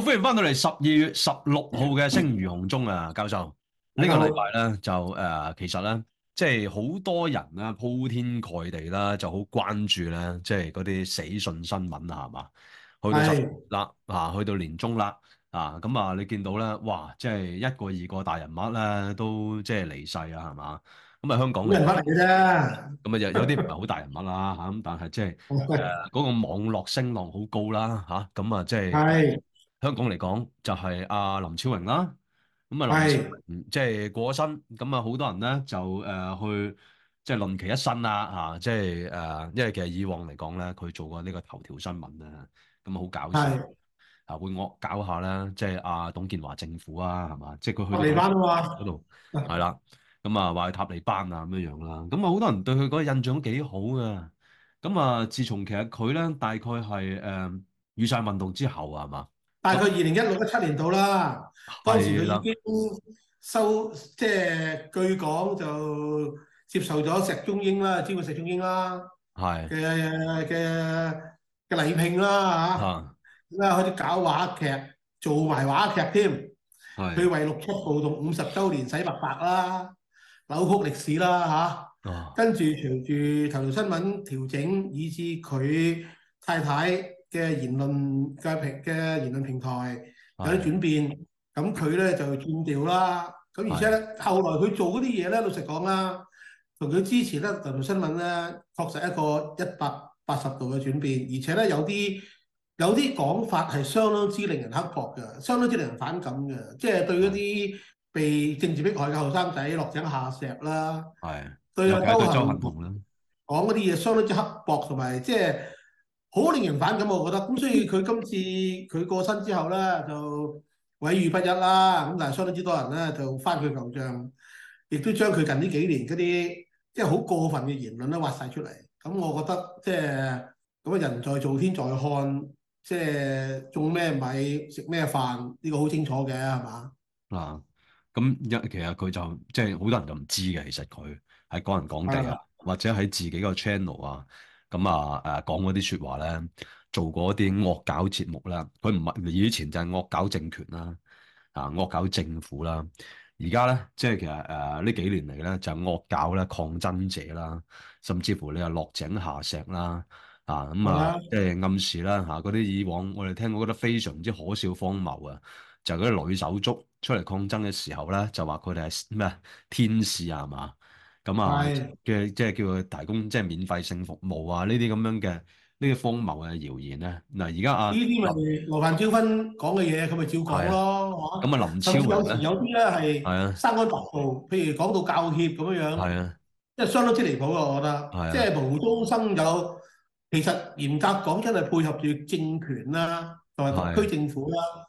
歡迎翻到嚟十二月十六號嘅《聲如洪鍾》啊，教授、這個、呢個禮拜咧就誒、呃，其實咧即係好多人啊，鋪天蓋地啦，就好關注咧，即係嗰啲死訊新聞啊，係嘛？去到十啦的啊，去到年終啦啊，咁啊，你見到咧，哇，即係一個二個大人物咧，都即係離世啊，係嘛？咁啊，香港人物嚟嘅啫，咁啊，有有啲唔係好大人物啦吓，咁但係即係誒，嗰、呃那個網絡聲浪好高啦吓，咁啊，即、嗯、係。香港嚟講就係阿、啊、林超榮啦，咁啊林超榮即係過咗身，咁啊好多人咧就誒、呃、去即係、就是、論其一身啦、啊、嚇，即係誒，因為其實以往嚟講咧，佢做過呢個頭條新聞啊，咁啊好搞笑的啊，會惡搞下咧，即係阿董建華政府啊，係嘛，即係佢去到嗰度係啦，咁啊話塔利班啊咁、啊嗯啊啊、樣樣啦、啊，咁、嗯、啊好多人對佢嗰印象幾好噶，咁啊自從其實佢咧大概係誒雨傘運動之後啊，係嘛？大概二零一六一七年度啦，嗰陣時佢已經收，即係的據講就接受咗石中英啦，知道石中英啦，嘅嘅嘅禮聘啦嚇，咁啊的開始搞話劇，做埋話劇添，佢的為六七暴動五十週年洗白白啦，扭曲歷史啦嚇，啊、的跟住隨住頭條新聞調整，以至佢太太嘅言論嘅平嘅言論平台有啲轉變，咁佢咧就轉調啦。咁而且咧，的後來佢做嗰啲嘢咧，老實講啦，同佢之前咧就做新聞咧，確實一個一百八十度嘅轉變，而且咧有啲有啲講法係相當之令人刻薄嘅，相當之令人反感嘅，即係對嗰啲被政治迫害嘅後生仔落井下石啦。係的，對啊了，都係裝模樣。講嗰啲嘢相當之刻薄同埋即係。好令人反感，我覺得。咁所以佢今次佢過身之後咧，就毀譽不一啦。咁但係相當之多人咧，就翻佢舊賬，亦都將佢近呢幾年嗰啲即係好過分嘅言論咧挖晒出嚟。咁我覺得即係咁啊，人在做天在看，即係種咩米食咩飯，呢、呢個好清楚嘅係嘛？嗱，咁一、嗯嗯、其實佢就即係好多人就唔知嘅，其實佢喺講人講地啊，講講的或者喺自己個 channel 啊。咁啊誒講嗰啲説話咧，做過啲惡搞節目啦，佢唔係以前就係惡搞政權啦，啊惡搞政府啦，而家咧即係其實誒呢、呃、幾年嚟咧就係、是、惡搞咧抗爭者啦，甚至乎你話落井下石啦，啊咁、嗯、啊即係、就是、暗示啦嚇嗰啲以往我哋聽過覺得非常之可笑荒謬啊，就係嗰啲女手足出嚟抗爭嘅時候咧，就話佢哋係咩天使啊嘛？咁啊嘅，即係叫佢提供即係免費性服務啊，呢啲咁樣嘅呢啲荒謬嘅謠言咧。嗱，而家啊呢啲咪羅范椒芬講嘅嘢，佢咪照講咯。咁啊林超有時有啲咧係係啊，生安白造，譬、啊、如講到教協咁樣樣係啊，即係相當之離譜啊！我覺得即係、啊、無中生有，其實嚴格講真係配合住政權啦同埋特區政府啦，啊、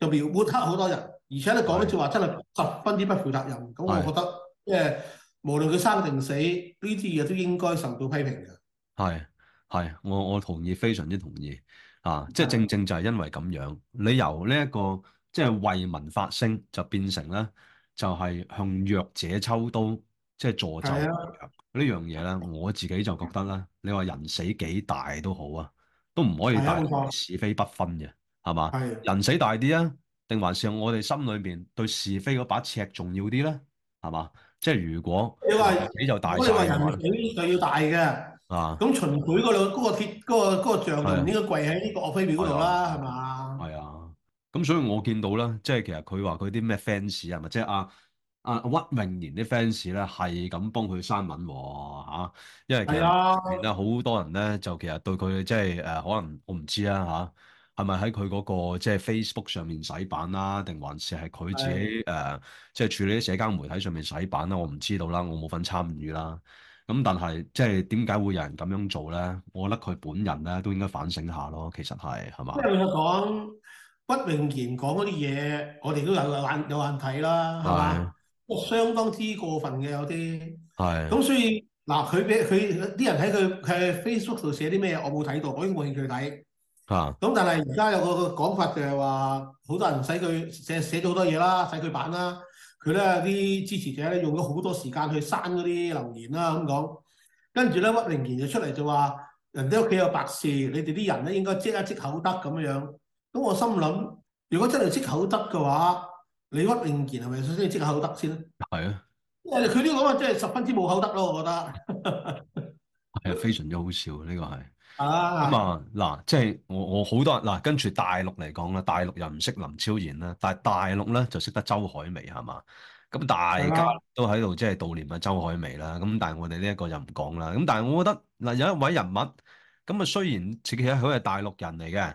就描抹黑好多人，而且你講一次話真係十分之不負責任。咁是、啊、我覺得即係。就是就是無論佢生定死，呢啲嘢都應該受到批評嘅。係係，我我同意，非常之同意啊！即係正正就係因為咁樣，的你由呢、這、一個即係為民發聲，就變成咧，就係、是、向弱者抽刀，即係助紂的呢樣嘢咧。我自己就覺得咧，的你話人死幾大都好啊，都唔可以大是非不分嘅，係嘛？係的人死大啲啊，定還是我哋心裏邊對是非嗰把尺重要啲咧？係嘛？即係如果，因你說就大，我哋話就要大嘅。啊，咁秦檜嗰度嗰個鐵嗰、那個嗰、那個象群、那個、應該跪喺呢個岳飛廟嗰度啦，係嘛？係啊，咁吧、啊、所以我見到啦。即係其實佢話佢啲咩 fans 啊，或者阿阿屈穎妍啲 fans 咧，係咁幫佢刪文吓、啊，因為其實而家好多人咧就其實對佢即係誒、呃，可能我唔知啦吓、啊。啊係咪喺佢嗰個即係 Facebook 上面洗版啦、啊？定還是係佢自己誒的、呃、即係處理啲社交媒體上面洗版啦、啊？我唔知道啦，我冇份參與啦。咁但係即係點解會有人咁樣做咧？我覺得佢本人咧都應該反省下咯。其實係係嘛，即係講不榮言講嗰啲嘢，我哋都有有眼有眼睇啦，係嘛？我相當之過分嘅有啲係咁，所以嗱，佢俾佢啲人喺佢佢 Facebook 度寫啲咩，我冇睇到，我已經冇興趣睇。啊！咁但係而家有個個講法就係話，好多人使佢寫寫咗好多嘢啦，使佢版啦。佢咧啲支持者咧用咗好多時間去刪嗰啲留言啦，咁講。跟住咧屈穎妍就出嚟就話，人哋屋企有白事，你哋啲人咧應該積一積口德咁樣樣。咁我心諗，如果真係積口德嘅話，你屈穎妍係咪首先積口德先咧？係啊，佢呢個講法真係十分之冇口德咯，我覺得。係啊，非常之好笑呢個係。啊，咁啊嗱，即係、啊就是、我我好多嗱、啊，跟住大陸嚟講咧，大陸又唔識林超然啦，但係大陸咧就識得周海媚係嘛？咁大家都喺度即係悼念啊周海媚啦。咁但係我哋呢一個就唔講啦。咁但係我覺得嗱、啊、有一位人物，咁啊雖然自己係佢係大陸人嚟嘅，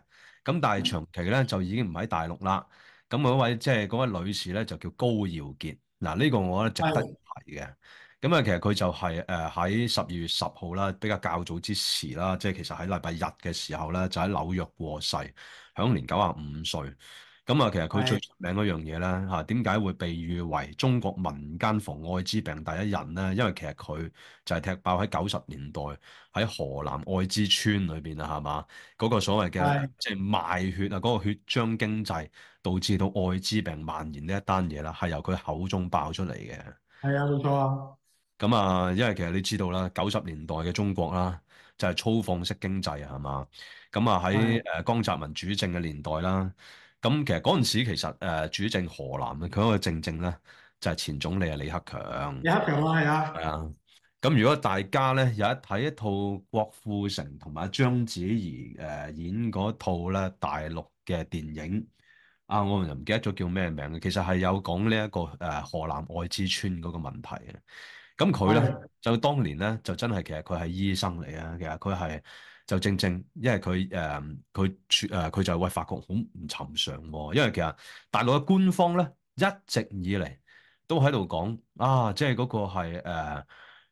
咁但係長期咧就已經唔喺大陸啦。咁嗰位即係嗰位女士咧就叫高耀潔。嗱、啊、呢、這個我覺得值得提嘅。咁啊，其實佢就係誒喺十二月十號啦，比較較早之時啦，即係其實喺禮拜日嘅時候咧，就喺紐約過世，享年九十五歲。咁啊，其實佢最出名嗰樣嘢咧嚇，點解會被譽為中國民間防艾滋病第一人咧？因為其實佢就係踢爆喺九十年代喺河南艾滋村裏邊啊，係嘛嗰個所謂嘅即係賣血啊，嗰個血漿經濟導致到艾滋病蔓延呢一單嘢啦，係由佢口中爆出嚟嘅。係啊，冇錯啊。咁啊，因為其實你知道啦，九十年代嘅中國啦，就係、是、粗放式經濟啊係嘛。咁啊，喺誒江澤民主政嘅年代啦，咁的其實嗰陣時其實誒主政河南嘅佢嗰個正正咧，就係前總理啊李克強。李克強啦，係啊，係啊。咁如果大家咧有一睇一套郭富城同埋章子怡誒演嗰套咧大陸嘅電影啊，我唔唔記得咗叫咩名嘅，其實係有講呢一個誒河南愛滋村嗰個問題嘅。咁佢咧就當年咧就真係，其實佢係醫生嚟啊。其實佢係就正正，因為佢誒，佢、呃、誒，佢就係會發覺好唔尋常、啊。因為其實大陸嘅官方咧一直以嚟都喺度講啊，即係嗰個係誒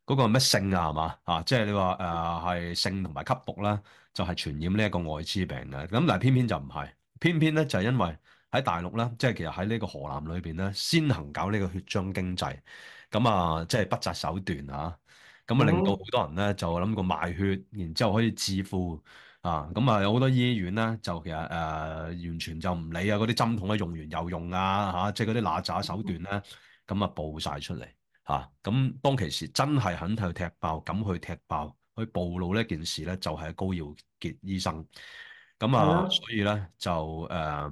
嗰個咩性啊，係嘛啊，即係你話誒係性同埋吸毒啦，就係、是、傳染呢一個艾滋病嘅。咁但係偏偏就唔係，偏偏咧就係、因為喺大陸啦，即係其實喺呢個河南裏邊咧，先行搞呢個血漿經濟。咁啊，即係不擇手段啊！咁啊，令到好多人咧就諗過賣血，然之後可以致富啊！咁啊，有好多醫院咧就其實誒、呃、完全就唔理啊，嗰啲針筒啊用完又用啊！嚇，即係嗰啲邋遢手段咧，咁啊暴晒出嚟嚇！咁、啊、當其時真係肯去踢爆，咁去踢爆，去暴露呢件事咧，就係、是、高耀傑醫生。咁啊，所以咧就誒、呃、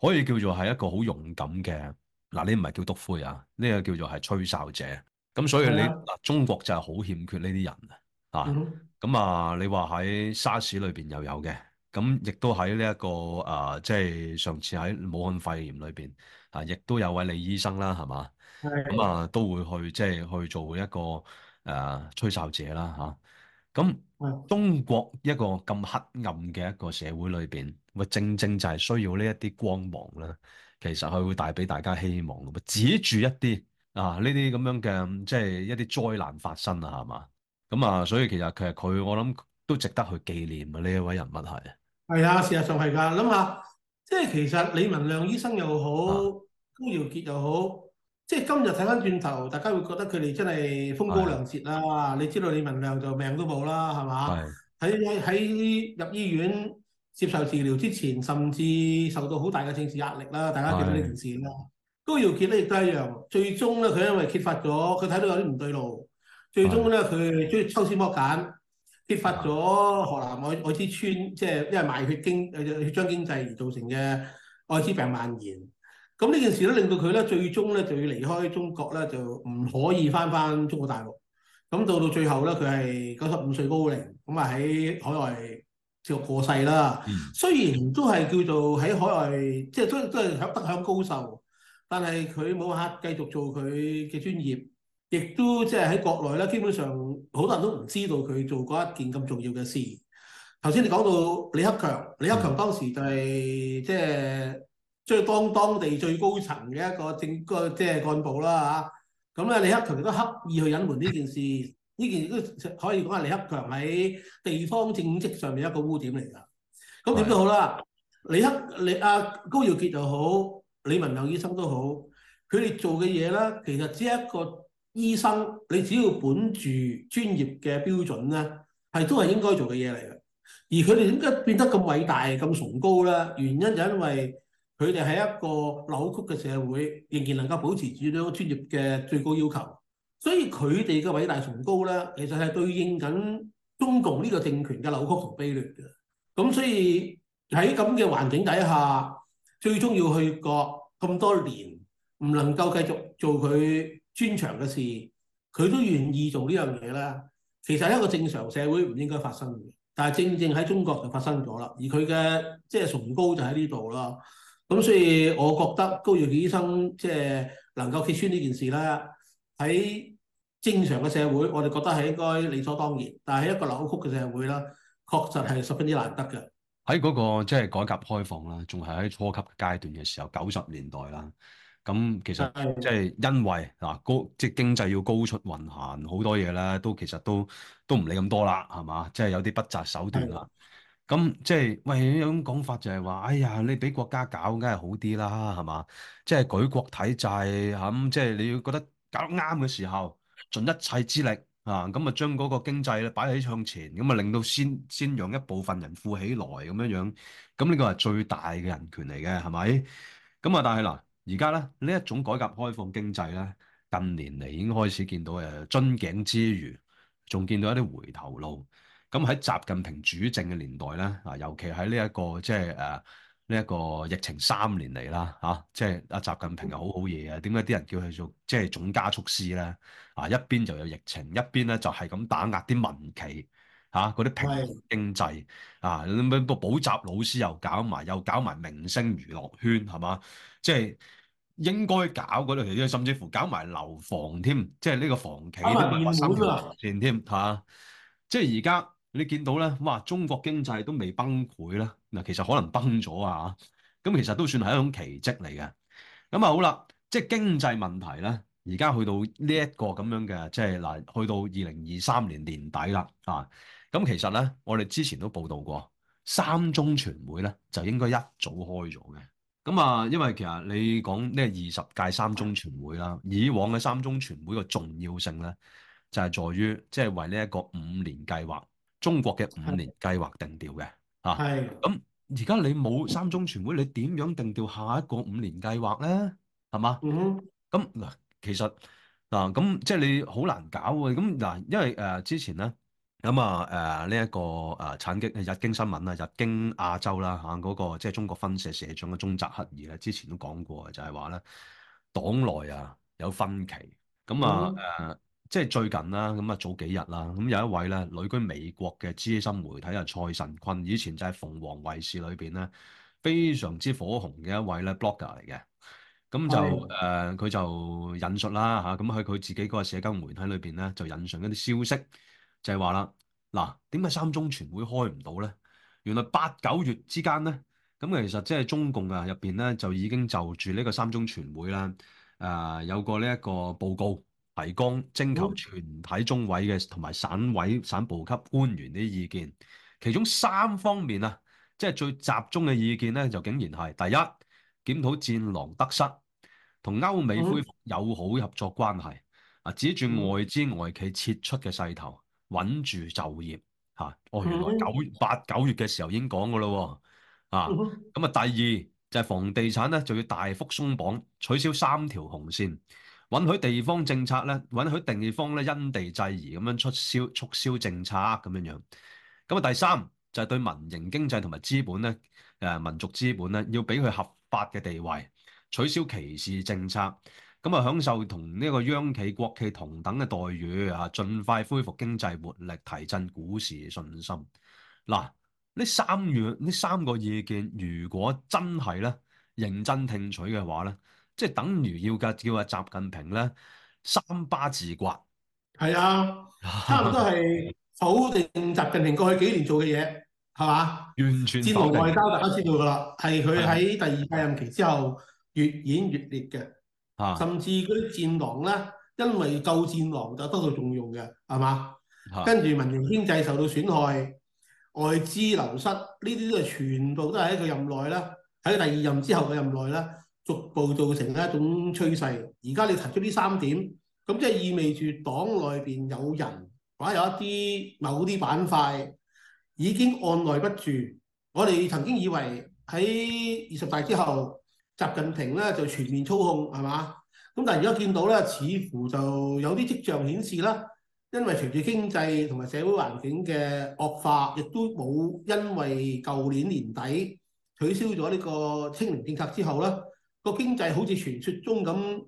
可以叫做係一個好勇敢嘅。嗱，你唔係叫督灰啊，呢、這個叫做係吹哨者。咁所以你嗱，的中國就係好欠缺呢啲人的啊、這個。啊，咁啊，你話喺沙士裏邊又有嘅，咁亦都喺呢一個誒，即係上次喺武漢肺炎裏邊啊，亦都有位李醫生啦，係嘛？咁的啊，都會去即係、就是、去做一個誒、啊、吹哨者啦，吓、啊。咁中國一個咁黑暗嘅一個社會裏邊，咪正正就係需要呢一啲光芒啦。其實佢會帶俾大家希望噶嘛，止住一啲啊呢啲咁樣嘅即係一啲災難發生啊，係嘛？咁啊，所以其實佢佢我諗都值得去紀念啊。呢一位人物係。係啊，事實上係噶，諗下即係其實李文亮醫生又好，高耀潔又好，即係今日睇翻轉頭，大家會覺得佢哋真係風高亮節啊。的你知道李文亮就命都冇啦，係嘛？喺喺的入醫院。接受治療之前，甚至受到好大嘅政治壓力啦。大家記得呢件事啦。高耀潔咧，亦都係一樣。最終咧，佢因為揭發咗，佢睇到有啲唔對路，最終咧，佢中抽絲剝繭，揭發咗河南愛愛滋村，即係因為賣血經誒血漿經濟而造成嘅愛滋病蔓延。咁呢件事咧，令到佢咧，最終咧就要離開中國咧，就唔可以返返中國大陸。咁到到最後咧，佢係九十五歲高齡，咁啊喺海外。就過世啦。雖然都係叫做喺海外，即係都都係享得享高壽，但係佢冇客繼續做佢嘅專業，亦都即係喺國內咧，基本上好多人都唔知道佢做過一件咁重要嘅事。頭先你講到李克強，李克強當時就係即係即係當當地最高層嘅一個政幹即係幹部啦嚇。咁、嗯、咧，李克強亦都刻意去隱瞞呢件事。呢件都可以講係李克強喺地方政績上面一個污點嚟㗎。咁點都好啦，的李克、李阿、啊、高耀傑又好，李文亮醫生都好，佢哋做嘅嘢啦，其實只係一個醫生，你只要本住專業嘅標準咧，係都係應該做嘅嘢嚟嘅。而佢哋點解變得咁偉大、咁崇高咧？原因就因為佢哋喺一個扭曲嘅社會，仍然能夠保持住呢個專業嘅最高要求。所以佢哋嘅偉大崇高咧，其實係對應緊中共呢個政權嘅扭曲同卑劣嘅。咁所以喺咁嘅環境底下，最終要去國咁多年，唔能夠繼續做佢專長嘅事，佢都願意做呢樣嘢咧。其實係一個正常社會唔應該發生嘅，但係正正喺中國就發生咗啦。而佢嘅即係崇高就喺呢度啦。咁所以我覺得高耀潔醫生即係能夠揭穿呢件事啦。喺正常嘅社會，我哋覺得係應該理所當然。但係喺一個扭曲嘅社會啦，確實係十分之難得嘅。喺嗰個即係改革開放啦，仲係喺初級階段嘅時候，九十年代啦。咁其實即係因為嗱高即係經濟要高速運行，好多嘢啦，都其實都都唔理咁多啦，係嘛？即係有啲不擇手段啦。咁即係喂有種講法就係話，哎呀，你俾國家搞，梗係好啲啦，係嘛？即係舉國體制，咁即係你要覺得。搞得啱嘅時候，盡一切之力啊，咁啊將嗰個經濟咧擺喺向前，咁啊令到先先讓一部分人富起來咁樣樣，咁呢個係最大嘅人權嚟嘅，係咪？咁啊，但係嗱，而家咧呢一種改革開放經濟咧，近年嚟已經開始見到誒樽頸之餘，仲見到一啲回頭路。咁喺習近平主政嘅年代咧，啊，尤其喺呢一個即係誒，就是呢一個疫情三年嚟啦，嚇、啊，即係阿習近平又好好嘢啊！點解啲人叫佢做即係總加速師咧？啊，一邊就有疫情，一邊咧就係咁打壓啲民企嚇，嗰啲平民經濟啊，咁樣個補習老師又搞埋，又搞埋明星娛樂圈係嘛？即係應該搞嗰類型，甚至乎搞埋樓房添、啊，即係呢個房企都變埋三條線添嚇、啊啊，即係而家。你見到咧哇，中國經濟都未崩潰啦。嗱，其實可能崩咗啊，咁其實都算係一種奇蹟嚟嘅。咁啊，好啦，即係經濟問題咧，而家去到呢一個咁樣嘅，即係嗱，去到二零二三年年底啦啊。咁其實咧，我哋之前都報道過三中全會咧，就應該一早開咗嘅。咁啊，因為其實你講呢二十屆三中全會啦，以往嘅三中全會嘅重要性咧，就係在於即係為呢一個五年計劃。中國嘅五年計劃定調嘅，吓的，咁而家你冇三中全會，你點樣定調下一個五年計劃咧？係嘛？咁嗱、嗯，其實嗱，咁、啊、即係你好難搞嘅。咁嗱，因為誒、呃、之前咧咁啊，誒呢一個誒、呃、產經日經新聞啊，日經亞洲啦吓，嗰、啊那個即係中國分社社長嘅中澤克二咧，之前都講過，就係話咧黨內啊有分歧，咁啊誒。嗯嗯即係最近啦，咁啊早幾日啦，咁有一位咧旅居美國嘅資深媒體啊蔡神坤，以前就係鳳凰衛視裏邊咧非常之火紅嘅一位咧 blogger 嚟嘅，咁就誒佢、oh. 呃、就引述啦嚇，咁喺佢自己嗰個社交媒體裏邊咧就引述一啲消息，就係話啦，嗱點解三中全會開唔到咧？原來八九月之間咧，咁其實即係中共啊入邊咧就已經就住呢個三中全會啦，誒、呃、有過呢一個報告。提供徵求全體中委嘅同埋省委省部級官員啲意見，其中三方面啊，即係最集中嘅意見咧，就竟然係第一，檢討戰狼得失，同歐美恢復友好合作關係啊，止住外資外企撤出嘅勢頭，穩住就業嚇、啊。哦，原來九八九月嘅時候已經講嘅咯喎啊，咁啊第二就係、是、房地產咧，就要大幅鬆綁，取消三條紅線。允許地方政策咧，允許地方咧，因地制宜咁樣促銷促銷政策咁樣樣。咁啊，第三就係、是、對民營經濟同埋資本咧，誒、呃、民族資本咧，要俾佢合法嘅地位，取消歧視政策。咁啊，享受同呢個央企國企同等嘅待遇啊，盡快恢復經濟活力，提振股市信心。嗱，呢三樣呢三個意見，如果真係咧認真聽取嘅話咧。即係等於要架叫阿習近平咧三巴自摑，係啊，差唔多係否定習近平過去幾年做嘅嘢，係嘛？完全戰狼外交大家知道噶啦，係佢喺第二屆任期之後越演越烈嘅，啊、甚至嗰啲戰狼咧，因為夠戰狼就得到重用嘅，係嘛？啊、跟住民營經濟受到損害，外資流失，呢啲都係全部都係喺佢任內啦，喺第二任之後嘅任內啦。逐步造成一種趨勢，而家你提出呢三點，咁即係意味住黨內邊有人或者有一啲某啲板塊已經按捺不住。我哋曾經以為喺二十大之後習近平咧就全面操控，係嘛？咁但係而家見到咧，似乎就有啲跡象顯示啦，因為隨住經濟同埋社會環境嘅惡化，亦都冇因為舊年年底取消咗呢個清零政策之後咧。個經濟好似傳説中咁，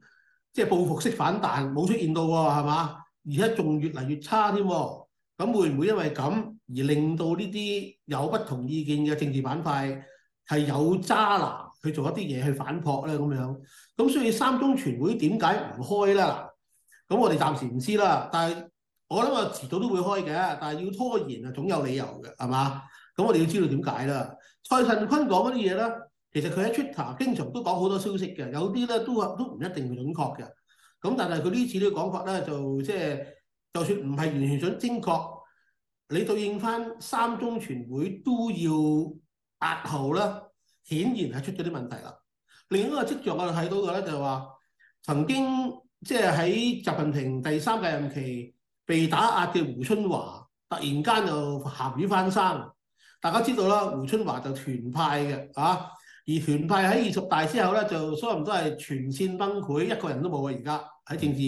即係報復式反彈冇出現到喎，係嘛？而且仲越嚟越差添。咁、啊、會唔會因為咁而令到呢啲有不同意見嘅政治板塊係有渣男去做一啲嘢去反撲咧？咁樣咁所以三中全會點解唔開咧？咁我哋暫時唔知啦。但係我諗啊，遲早都會開嘅，但係要拖延啊，總有理由嘅，係嘛？咁我哋要知道點解啦。蔡慎坤講嗰啲嘢咧。其實佢喺 Twitter 經常都講好多消息嘅，有啲咧都話都唔一定準確嘅。咁但係佢呢次啲講法咧，就即係就算唔係完全想精確，你對應翻三中全會都要押後啦，顯然係出咗啲問題啦。另一個跡象我哋睇到嘅咧，就係話，曾經即係喺習近平第三屆任期被打壓嘅胡春華，突然間就鹹魚翻身。大家知道啦，胡春華就團派嘅啊。而團派喺二十大之後咧，就所有人都係全線崩潰，一個人都冇啊！而家喺政治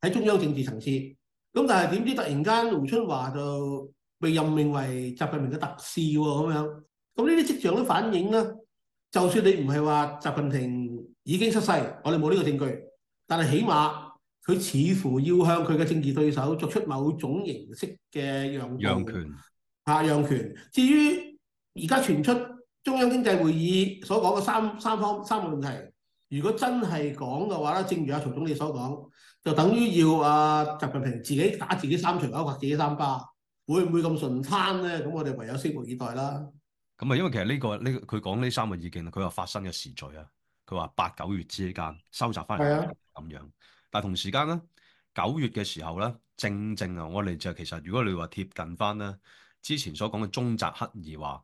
喺中央政治層次，咁但係點知突然間胡春華就被任命為習近平嘅特使喎，咁樣咁呢啲跡象都反映啦。就算你唔係話習近平已經失勢，我哋冇呢個證據，但係起碼佢似乎要向佢嘅政治對手作出某種形式嘅讓讓權，權啊，讓權。至於而家傳出。中央經濟會議所講嘅三三方三個問題，如果真係講嘅話咧，正如阿曹總理所講，就等於要啊，習近平自己打自己三拳，或摑自己三巴，會唔會咁順攤咧？咁我哋唯有拭目以待啦。咁啊，因為其實呢、這個呢佢講呢三個意見佢話發生嘅時序8，啊，佢話八九月之間收集翻嚟咁樣，但係同時間咧，九月嘅時候咧，正正啊，我哋就其實，如果你話貼近翻咧，之前所講嘅中澤刻意話。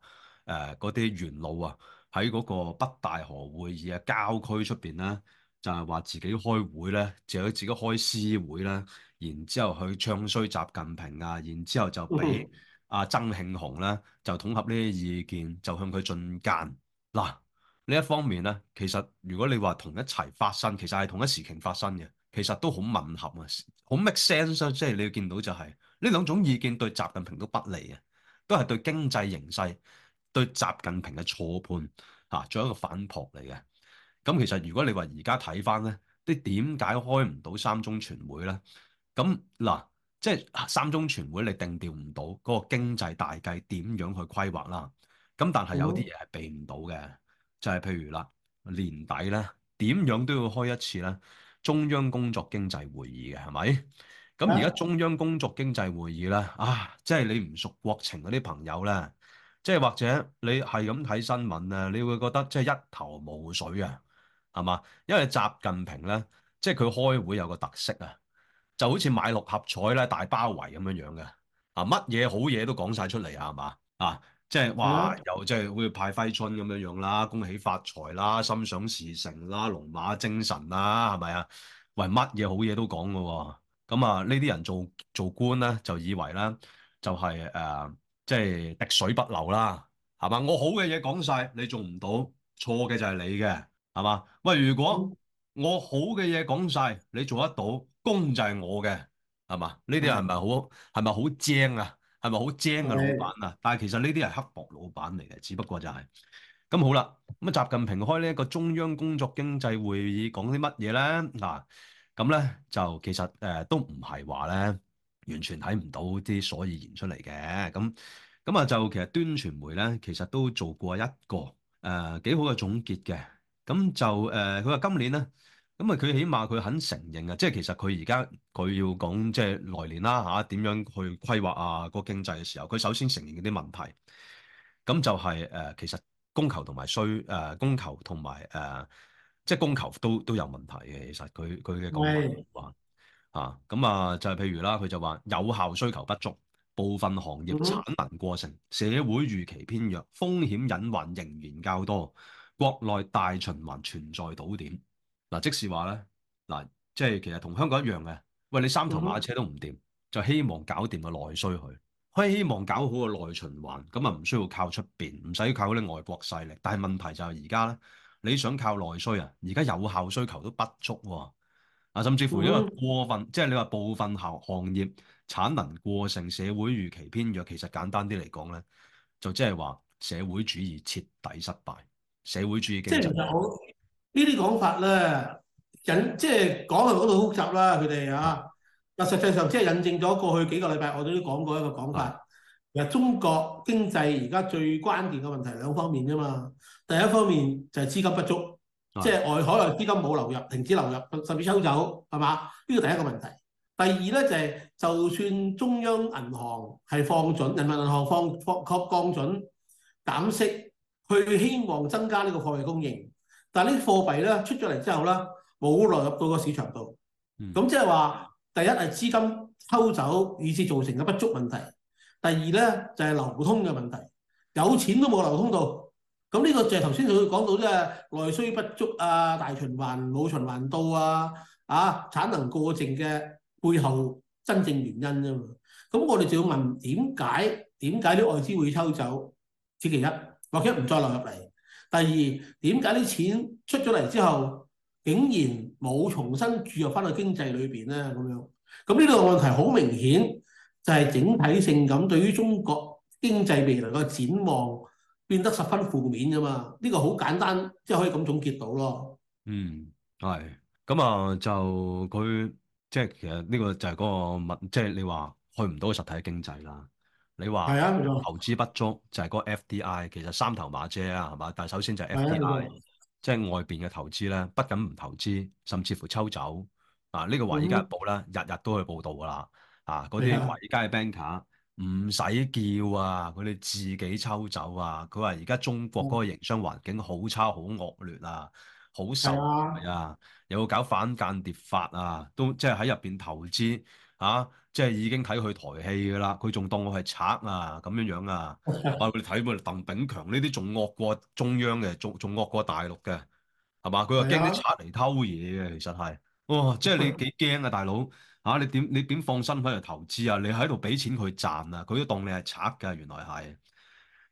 誒嗰啲元老啊，喺嗰個北戴河會議啊，郊區出邊咧，就係、是、話自己開會咧，仲有自己開私會啦。然之後去唱衰習近平啊，然之後就俾阿、啊、曾慶紅咧，就統合呢啲意見，就向佢進諫。嗱呢一方面咧，其實如果你話同一齊發生，其實係同一時期發生嘅，其實都好吻合啊，好 make sense 啊即係你要見到就係呢兩種意見對習近平都不利啊，都係對經濟形勢。對習近平嘅錯判嚇，作、啊、一個反駁嚟嘅。咁其實如果你話而家睇翻咧，啲點解開唔到三中全會咧？咁嗱、啊，即係三中全會你定調唔到嗰個經濟大計點樣去規劃啦。咁但係有啲嘢係避唔到嘅，就係、是、譬如啦，年底咧點樣都要開一次咧中央工作經濟會議嘅，係咪？咁而家中央工作經濟會議咧啊，即係你唔熟國情嗰啲朋友咧。即係或者你係咁睇新聞咧，你會覺得即係一頭霧水啊，係嘛？因為習近平咧，即係佢開會有個特色啊，就好似買六合彩咧，大包圍咁樣樣嘅啊，乜嘢好嘢都講晒出嚟啊，係嘛啊？即係話、嗯、又即係會派揮春咁樣樣啦，恭喜發財啦，心想事成啦，龍馬精神啦，係咪啊？喂乜嘢好嘢都講嘅喎？咁啊，呢啲人做做官咧，就以為咧就係、是、誒。呃即係滴水不流啦，係嘛？我好嘅嘢講晒，你做唔到，錯嘅就係你嘅，係嘛？喂，如果我好嘅嘢講晒，你做得到，功就係我嘅，係嘛？呢啲係咪好係咪好精啊？係咪好精嘅老闆啊？的但係其實呢啲係刻薄老闆嚟嘅，只不過就係、是、咁好啦。咁啊，習近平開呢一個中央工作經濟會議講啲乜嘢咧？嗱，咁咧就其實誒、呃、都唔係話咧。完全睇唔到啲所以然出嚟嘅，咁咁啊就其實端傳媒咧，其實都做過一個誒幾、呃、好嘅總結嘅，咁就誒佢話今年咧，咁啊佢起碼佢肯承認啊，即係其實佢而家佢要講即係來年啦嚇點樣去規劃啊個經濟嘅時候，佢首先承認嗰啲問題，咁就係、是、誒、呃、其實供求同埋需誒、呃、供求同埋誒即係供求都都有問題嘅，其實佢佢嘅講法。啊，咁啊就係、是、譬如啦，佢就話有效需求不足，部分行業產能過剩，社會預期偏弱，風險隱患仍然較多，國內大循環存在堵點。嗱、啊啊，即是話咧，嗱，即係其實同香港一樣嘅，喂，你三頭馬車都唔掂，就希望搞掂個內需去，希希望搞好個內循環，咁啊唔需要靠出邊，唔使靠啲外、外國勢力。但係問題就係而家咧，你想靠內需啊，而家有效需求都不足啊。啊，甚至乎一個過分，嗯、即係你話部分行行業產能過剩，社會預期偏弱，其實簡單啲嚟講咧，就即係話社會主義徹底失敗，社會主義經濟。即係其實我呢啲講法咧引，即係講到嗰度複雜啦，佢哋啊，但係、嗯、實際上即係印證咗過去幾個禮拜我哋都講過一個講法，嗯、其實中國經濟而家最關鍵嘅問題兩方面啫嘛，第一方面就係資金不足。即係外海內資金冇流入，停止流入，甚至抽走，係嘛？呢個第一個問題。第二呢，就係、是，就算中央銀行係放準，人民銀行放放，放降準、減息，去希望增加呢個貨幣供應，但係呢啲貨幣呢，出咗嚟之後呢，冇落入到個市場度。咁即係話，第一係資金抽走，以至造成嘅不足問題。第二呢，就係、是、流通嘅問題，有錢都冇流通到。咁呢個就係頭先佢講到啫，內需不足啊，大循環冇循環到啊，啊產能過剩嘅背後真正原因啫嘛。咁、嗯、我哋就要問點解？點解啲外資會抽走？此其一，或者一唔再流入嚟？第二，點解啲錢出咗嚟之後，竟然冇重新注入翻去經濟裏邊咧？咁樣，咁、嗯、呢、這個問題好明顯，就係整體性咁對於中國經濟未來個展望。變得十分負面啫嘛，呢個好簡單，即係可以咁總結到咯。嗯，係，咁啊就佢即係其實呢個就係嗰個物，即係你話去唔到實體經濟啦。你話係啊，投資不足就係嗰個 FDI，其實三頭馬車啊，係嘛？但係首先就係 FDI，即係外邊嘅投資咧，不僅唔投資，甚至乎抽走啊！呢個華爾街日報啦，日日都去報道噶啦，啊，嗰啲華爾街嘅 banker。嗯，天天唔使叫啊！佢哋自己抽走啊！佢話而家中國嗰個營商環境好差、好惡劣啊、好仇啊！有個搞反間諜法啊，都即係喺入邊投資嚇、啊，即係已經睇佢台戲㗎啦！佢仲當我係賊啊咁樣樣啊！話佢睇乜鄧炳強呢啲仲惡過中央嘅，仲仲惡過大陸嘅係嘛？佢話驚啲賊嚟偷嘢嘅，其實係哇、哦！即係你幾驚啊，大佬？啊！你點你點放心喺度投資啊？你喺度俾錢佢賺啊！佢都當你係賊嘅，原來係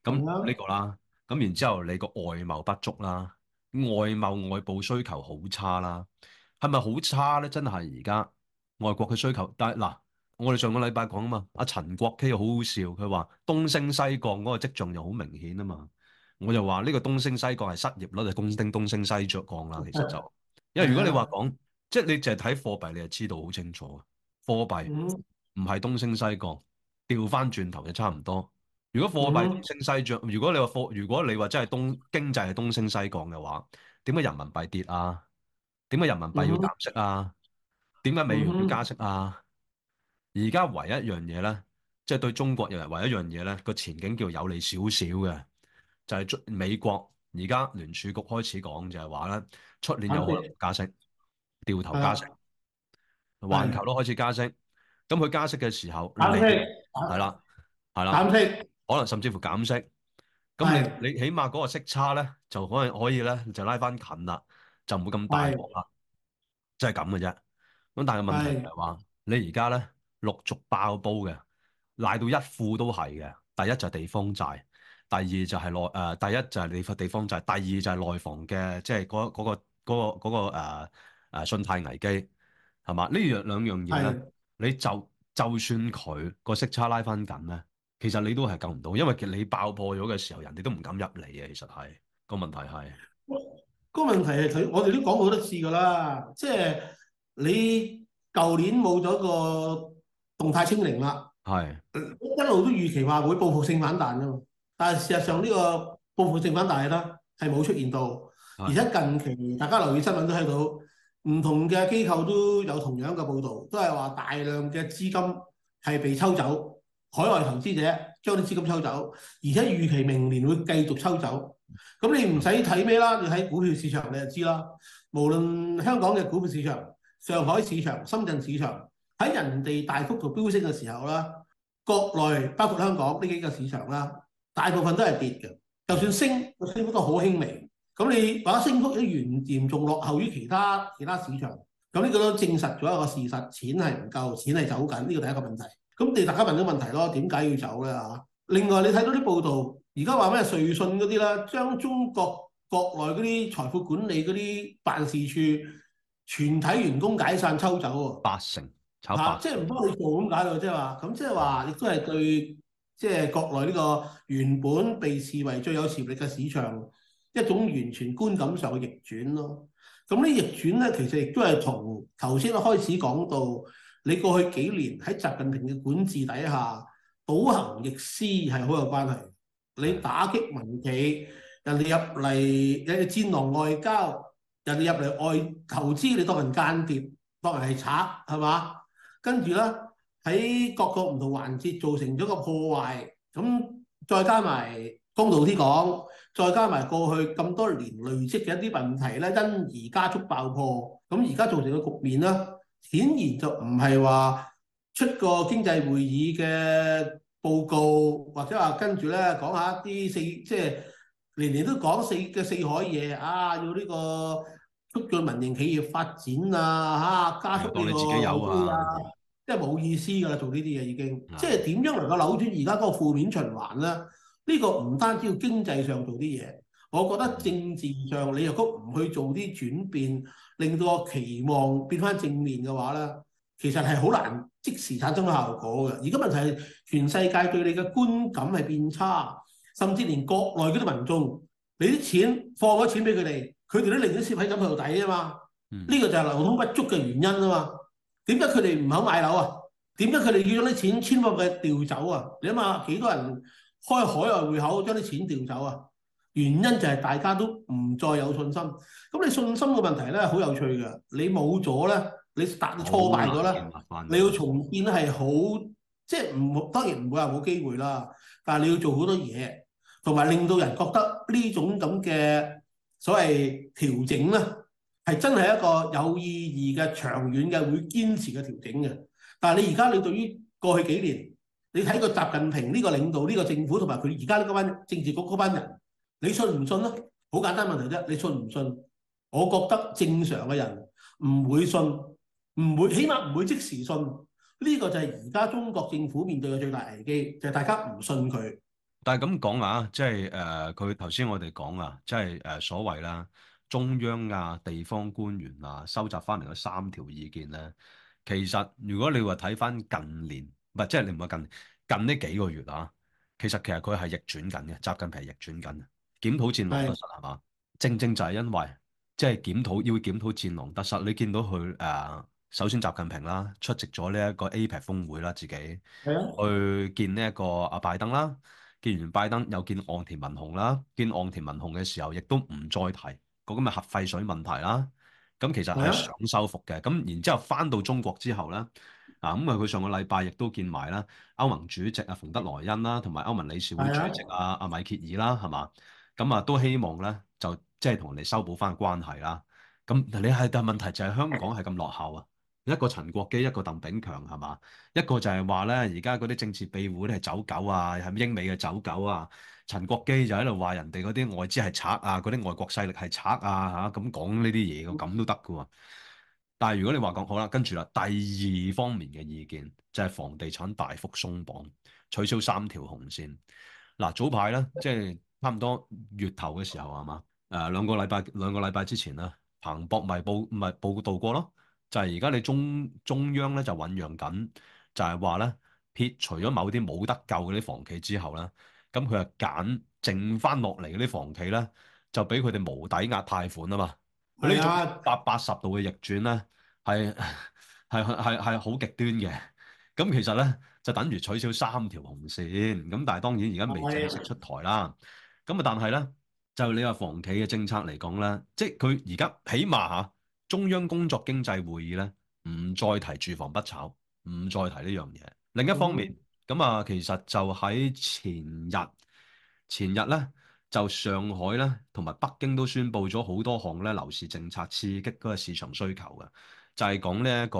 咁呢個啦。咁然之後，你個外貿不足啦，外貿外部需求好差啦，係咪好差咧？真係而家外國嘅需求，但係嗱，我哋上個禮拜講啊嘛，阿、啊、陳國基好好笑，佢話東升西降嗰個跡象又好明顯啊嘛，我就話呢個東升西降係失業率就供、是、丁東升西着降啦，其實就因為如果你話講。即係你淨係睇貨幣，你就知道好清楚啊。貨幣唔係東升西降，調翻轉頭就差唔多。如果貨幣東升西漲、mm hmm.，如果你話貨，如果你話真係東經濟係東升西降嘅話，點解人民幣跌啊？點解人民幣要降息啊？點解、mm hmm. 美元要加息啊？而家唯一一樣嘢咧，即、就、係、是、對中國又係唯一一樣嘢咧，個前景叫有利少少嘅，就係、是、美國而家聯儲局開始講就係話咧，出年有冇加息？掉頭加息，環的球都開始加息，咁佢的加息嘅時候，係啦，係啦，可能甚至乎減息，咁你的你起碼嗰個息差咧就可能可以咧就拉翻近啦，就唔會咁大鑊啦，即係咁嘅啫。咁但係問題係話，的你而家咧陸續爆煲嘅，賴到一褲都係嘅。第一就係地方債，第二就係內誒，第一就係地方地方債，第二就係內房嘅，即係嗰嗰個、嗰個、嗰個誒。啊！信貸危機係嘛？兩樣呢樣兩樣嘢咧，是的 你就就算佢個息差拉翻緊咧，其實你都係救唔到，因為你爆破咗嘅時候，人哋都唔敢入嚟嘅。其實係個問題係，個問題係佢，我哋都講過好多次噶啦。即係你舊年冇咗個動態清零啦，係是的、嗯、一路都預期話會報復性反彈嘛。但係事實上呢個報復性反彈咧係冇出現到，是的 而且近期大家留意新聞都睇到。唔同嘅機構都有同樣嘅報導，都係話大量嘅資金係被抽走，海外投資者將啲資金抽走，而且預期明年會繼續抽走。咁你唔使睇咩啦，你睇股票市場你就知啦。無論香港嘅股票市場、上海市場、深圳市場，喺人哋大幅度飆升嘅時候啦，國內包括香港呢幾個市場啦，大部分都係跌嘅，就算升，升幅都好輕微。咁你把升幅依然，嚴重落後於其他其他市場，咁呢個都證實咗一個事實，錢係唔夠，錢係走緊，呢個第一個問題。咁你大家問咗問題咯，點解要走咧嚇？另外你睇到啲報道，而家話咩？瑞信嗰啲啦，將中國國內嗰啲財富管理嗰啲辦事處，全體員工解散抽走喎，八成，即係唔幫你做咁解咯，即係話，咁即係話亦都係對，即係國內呢個原本被視為最有潛力嘅市場。一種完全觀感上嘅逆轉咯，咁呢逆轉咧，其實亦都係同頭先開始講到，你過去幾年喺習近平嘅管治底下，倒行逆施係好有關係。你打擊民企，人哋入嚟有隻戰狼外交，人哋入嚟外投資，你當人間諜，當人係賊，係嘛？跟住咧喺各個唔同環節造成咗個破壞，咁再加埋公道啲講。再加埋過去咁多年累積嘅一啲問題咧，因而加速爆破。咁而家造成嘅局面咧，顯然就唔係話出個經濟會議嘅報告，或者話跟住咧講一下啲四即係年年都講四嘅四海嘢啊，要呢個促進民營企業發展啊，嚇、啊、加速呢個樓盤啊，即係冇意思㗎啦，做呢啲嘢已經。即係點樣能夠扭轉而家嗰個負面循環咧？呢個唔單止要經濟上做啲嘢，我覺得政治上你又講唔去做啲轉變，令到個期望變返正面嘅話咧，其實係好難即時產生效果嘅。而家問題係全世界對你嘅觀感係變差，甚至連國內嗰啲民眾，你啲錢放咗錢俾佢哋，佢哋都寧願蝕喺咁去到底啊嘛。呢、這個就係流通不足嘅原因啊嘛。點解佢哋唔肯買樓啊？點解佢哋要將啲錢千過去調走啊？你諗下幾多人？開海外戶口將啲錢調走啊！原因就係大家都唔再有信心。咁你信心嘅問題咧，好有趣嘅。你冇咗咧，你達到挫敗咗咧，你要重建係好，即係唔當然唔會話冇機會啦。但係你要做好多嘢，同埋令到人覺得這種這呢種咁嘅所謂調整咧，係真係一個有意義嘅、長遠嘅會堅持嘅調整嘅。但係你而家你對於過去幾年，你睇個習近平呢個領導呢個政府同埋佢而家呢班政治局嗰班人，你信唔信咧？好簡單問題啫，你信唔信？我覺得正常嘅人唔會信，唔會，起碼唔會即時信。呢個就係而家中國政府面對嘅最大危機，就係大家唔信佢。但係咁講啊，即係誒，佢頭先我哋講啊，即係誒所謂啦，中央啊，地方官員啊，收集翻嚟嘅三條意見咧，其實如果你話睇翻近年，唔係，即係你唔係近近呢幾個月啊，其實其實佢係逆轉緊嘅，習近平係逆轉緊啊！檢討戰狼得失係嘛？正正就係因為即係、就是、檢討要檢討戰狼得失，你見到佢誒、呃、首先習近平啦出席咗呢一個 APEC 峯會啦，自己的去見呢一個阿拜登啦，見完拜登又見岸田文雄啦，見岸田文雄嘅時候亦都唔再提嗰咁嘅核廢水問題啦，咁其實係想修復嘅，咁的然之後返到中國之後咧。咁啊，佢、嗯、上個禮拜亦都見埋啦，歐盟主席啊，馮德萊恩啦，同埋歐盟理事會主席啊，阿米歇爾啦，係嘛？咁啊，都希望咧，就即係同人哋修補翻關係啦。咁你係，但係問題就係香港係咁落後啊！一個陳國基，一個鄧炳強，係嘛？一個就係話咧，而家嗰啲政治庇護咧係走狗啊，係咪英美嘅走狗啊？陳國基就喺度話人哋嗰啲外資係賊啊，嗰啲外國勢力係賊啊嚇，咁講呢啲嘢，咁都得嘅喎。但係如果你話講好啦，跟住啦，第二方面嘅意見就係房地產大幅鬆綁，取消三條紅線。嗱，早排咧，即係差唔多月頭嘅時候係嘛，誒兩個禮拜兩個禮拜之前啦，彭博咪報咪報道過咯，就係而家你中中央咧就醖釀緊，就係話咧撇除咗某啲冇得救嗰啲房企之後咧，咁佢啊揀剩翻落嚟嗰啲房企咧，就俾佢哋無抵押貸款啊嘛。呢種一百八十度嘅逆轉咧，係係係係好極端嘅。咁其實咧，就等於取消三條紅線。咁但係當然而家未正式出台啦。咁啊的，但係咧，就你話房企嘅政策嚟講咧，即係佢而家起碼嚇中央工作經濟會議咧，唔再提住房不炒，唔再提呢樣嘢。另一方面，咁啊、嗯，其實就喺前日，前日咧。就上海咧，同埋北京都宣布咗好多項咧樓市政策刺激嗰個市場需求嘅，就係講呢一個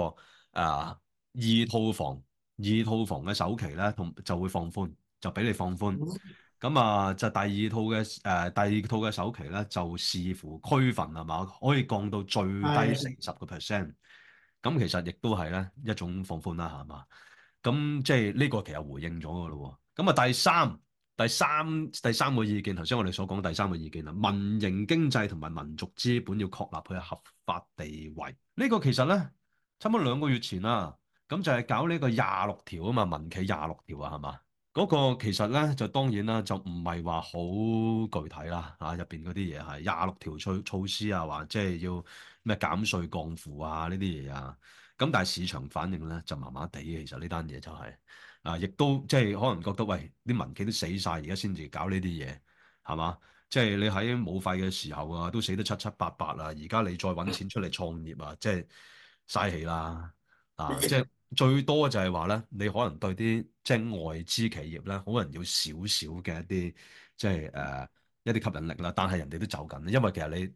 啊、呃、二套房，二套房嘅首期咧同就會放寬，就俾你放寬，咁啊、嗯、就第二套嘅誒、呃、第二套嘅首期咧就視乎區份係嘛，可以降到最低四十個 percent。咁、嗯、其實亦都係咧一種放寬啦，係嘛？咁即係呢個其實回應咗㗎咯。咁啊第三。第三第三個意見，頭先我哋所講第三個意見啦，民營經濟同埋民族資本要確立佢嘅合法地位。呢個其實咧差唔多兩個月前啦，咁就係搞呢個廿六條啊嘛，民企廿六條啊，係嘛？嗰個其實咧就當然啦，就唔係話好具體啦，嚇入邊嗰啲嘢係廿六條措措施啊，話即係要咩減稅降負啊呢啲嘢啊，咁但係市場反應咧就麻麻地，其實呢單嘢就係。啊！亦都即係可能覺得喂，啲民企都死晒，而家先至搞呢啲嘢，係嘛？即係你喺武肺嘅時候啊，都死得七七八八啦。而家你再揾錢出嚟創業啊，即係嘥氣啦。啊！即係最多就係話咧，你可能對啲即係外資企業咧，可能要少少嘅一啲即係誒、呃、一啲吸引力啦。但係人哋都走緊，因為其實你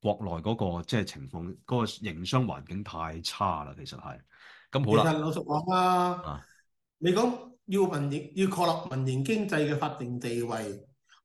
國內嗰個即係情況嗰個營商環境太差啦。其實係咁好啦。其實老實講啦。你講要民營，要確立民營經濟嘅法定地位，呢、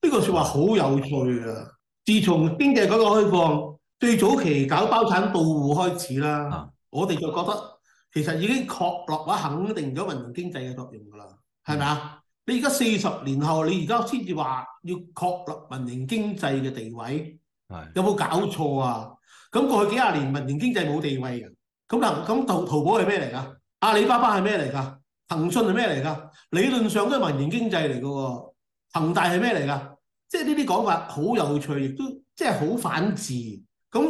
這個說話好有趣啊！自從經濟改革開放，最早期搞包產到戶開始啦，啊、我哋就覺得其實已經確立或者肯定咗民營經濟嘅作用噶啦，係咪啊？嗯、你而家四十年後，你而家先至話要確立民營經濟嘅地位，係的有冇搞錯啊？咁過去幾廿年，民營經濟冇地位嘅，咁嗱，咁淘淘寶係咩嚟噶？阿里巴巴係咩嚟噶？騰訊係咩嚟㗎？理論上都係民營經濟嚟嘅喎。恒大係咩嚟㗎？即係呢啲講法好有趣，亦都即係好反智。咁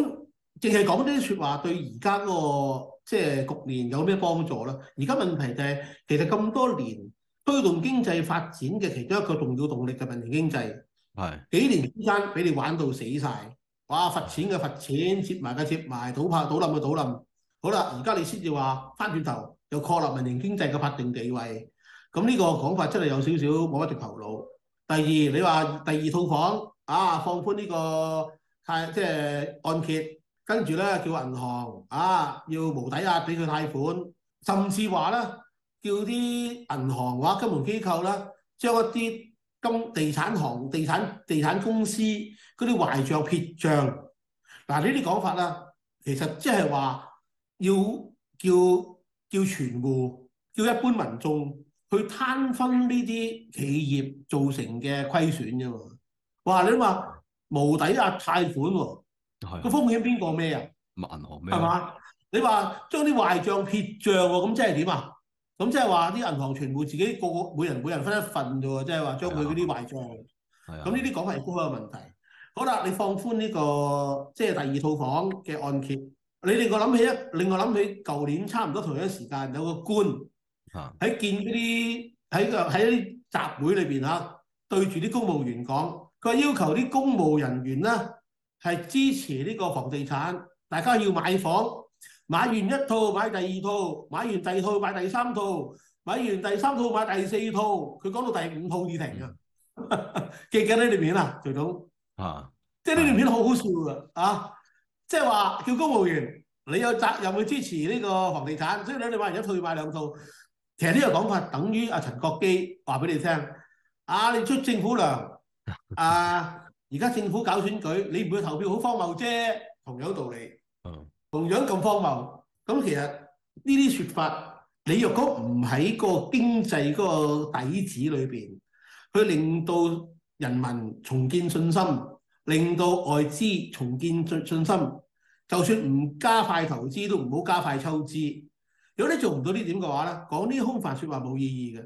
淨係講呢啲説話對而家個即係局面有咩幫助咧？而家問題就係其實咁多年推動經濟發展嘅其中一個重要動力嘅民營經濟，係的幾年之間俾你玩到死晒，哇！罰錢嘅罰錢，接埋嘅接埋，倒拍倒冧嘅倒冧。好啦，而家你先至話翻轉頭。就確立民營經濟嘅法定地位，咁呢個講法真係有少少冇乜隻頭腦。第二，你話第二套房啊，放寬呢、呢個貸，即係按揭，跟住咧叫銀行啊要無抵押俾佢貸款，甚至話咧叫啲銀行或者金融機構咧將一啲金地產行、地產地產公司嗰啲壞賬撇賬，嗱、啊、呢啲講法咧，其實即係話要叫。叫全戶，叫一般民眾去攤分呢啲企業造成嘅虧損啫嘛。哇！你話無抵押貸款喎、啊，個的風險邊個孭啊？銀行孭？係嘛？你話將啲壞帳撇帳喎，咁即係點啊？咁即係話啲銀行全部自己個個每人每人分一份啫喎，即係話將佢嗰啲壞帳。係啊的。咁呢啲講嚟亦有係個問題。的好啦，你放寬呢、這個即係、就是、第二套房嘅按揭。你令我諗起一，令我諗起舊年差唔多同樣時間有個官喺建嗰啲喺個喺集會裏邊嚇，對住啲公務員講，佢要求啲公務人員啦係支持呢個房地產，大家要買房，買完一套買第二套，買完第二套買第二套買第三套，買完第三套買第四套，佢講到第五套已停。 記得啊，記緊呢段片啦，徐總，嚇，即係呢段片好好笑㗎，嚇、啊。即係話叫公務員，你有責任去支持呢個房地產，所以你話買人一退買兩套。其實呢個講法等於阿陳國基話俾你聽，啊，你出政府糧，啊，而家政府搞選舉，你唔會投票，好荒謬啫。同樣道理，同樣咁荒謬。咁其實呢啲説法，你若果唔喺個經濟嗰個底子裏邊，去令到人民重建信心。令到外資重建信信心，就算唔加快投資都唔好加快抽資。如果你做唔到呢點嘅話咧，講呢啲空泛説話冇意義嘅。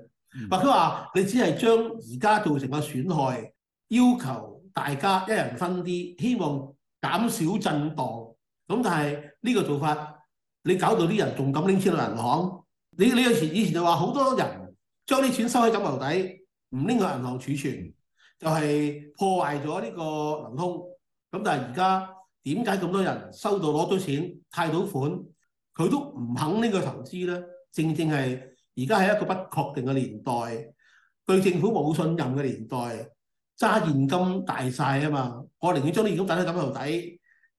或佢話你只係將而家造成嘅損害，要求大家一人分啲，希望減少震盪。咁但係呢個做法，你搞到啲人仲敢拎錢去銀行？你你有時以前就話好多人將啲錢收喺枕頭底，唔拎去銀行儲存。就係破壞咗呢個流通咁，但係而家點解咁多人收到攞到錢、貸到款，佢都唔肯呢個投資咧？正正係而家係一個不確定嘅年代，對政府冇信任嘅年代，揸現金大晒啊嘛！我寧願將啲現金擺喺枕頭底，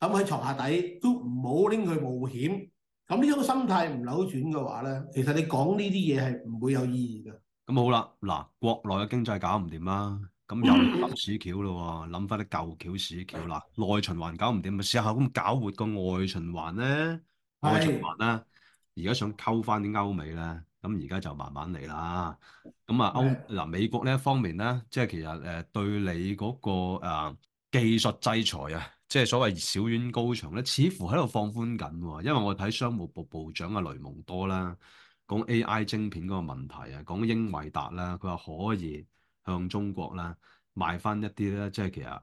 咁喺床下底都唔好拎佢冒險。咁呢種心態唔扭轉嘅話咧，其實你講呢啲嘢係唔會有意義嘅。咁好啦，嗱，國內嘅經濟搞唔掂啦。咁、嗯、又諗屎橋咯喎，諗翻啲舊橋屎橋嗱，的內循環搞唔掂，咪試下咁搞活個外循環咧，的外循環啦。而家想溝翻啲歐美咧，咁而家就慢慢嚟啦。咁、嗯、的啊歐嗱美國呢一方面咧，即係其實誒、呃、對你嗰、那個、呃、技術制裁啊，即係所謂小院高牆咧，似乎喺度放寬緊喎、啊。因為我睇商務部部長阿雷蒙多啦，講 A I 晶片嗰個問題啊，講英偉達啦，佢話可以。向中國啦，賣翻一啲咧，即係其實誒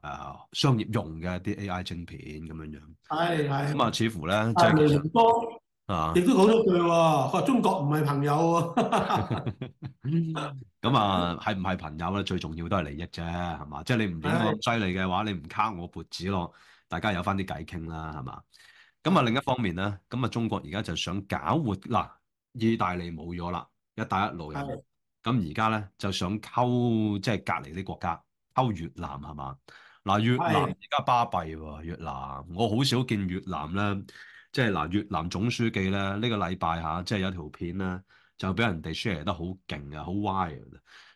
商業用嘅一啲 AI 晶片咁樣樣。係係是。咁是啊，似乎咧就係其實亦都講咗句喎，話中國唔係朋友。咁啊，係唔係朋友咧？最重要都係利益啫，係嘛？是是即係你唔亂咁犀利嘅話，你唔卡我脖子咯，大家有翻啲偈傾啦，係嘛？咁啊，另一方面咧，咁啊中國而家就想搞活嗱、啊，意大利冇咗啦，一帶一路咁而家咧就想溝，即係隔籬啲國家，溝越南係嘛？嗱，越南而家巴閉喎，越南我好少見越南咧，即係嗱，越南總書記咧呢個禮拜嚇，即係有條片啦，就俾人哋 share 得好勁啊，好 wild！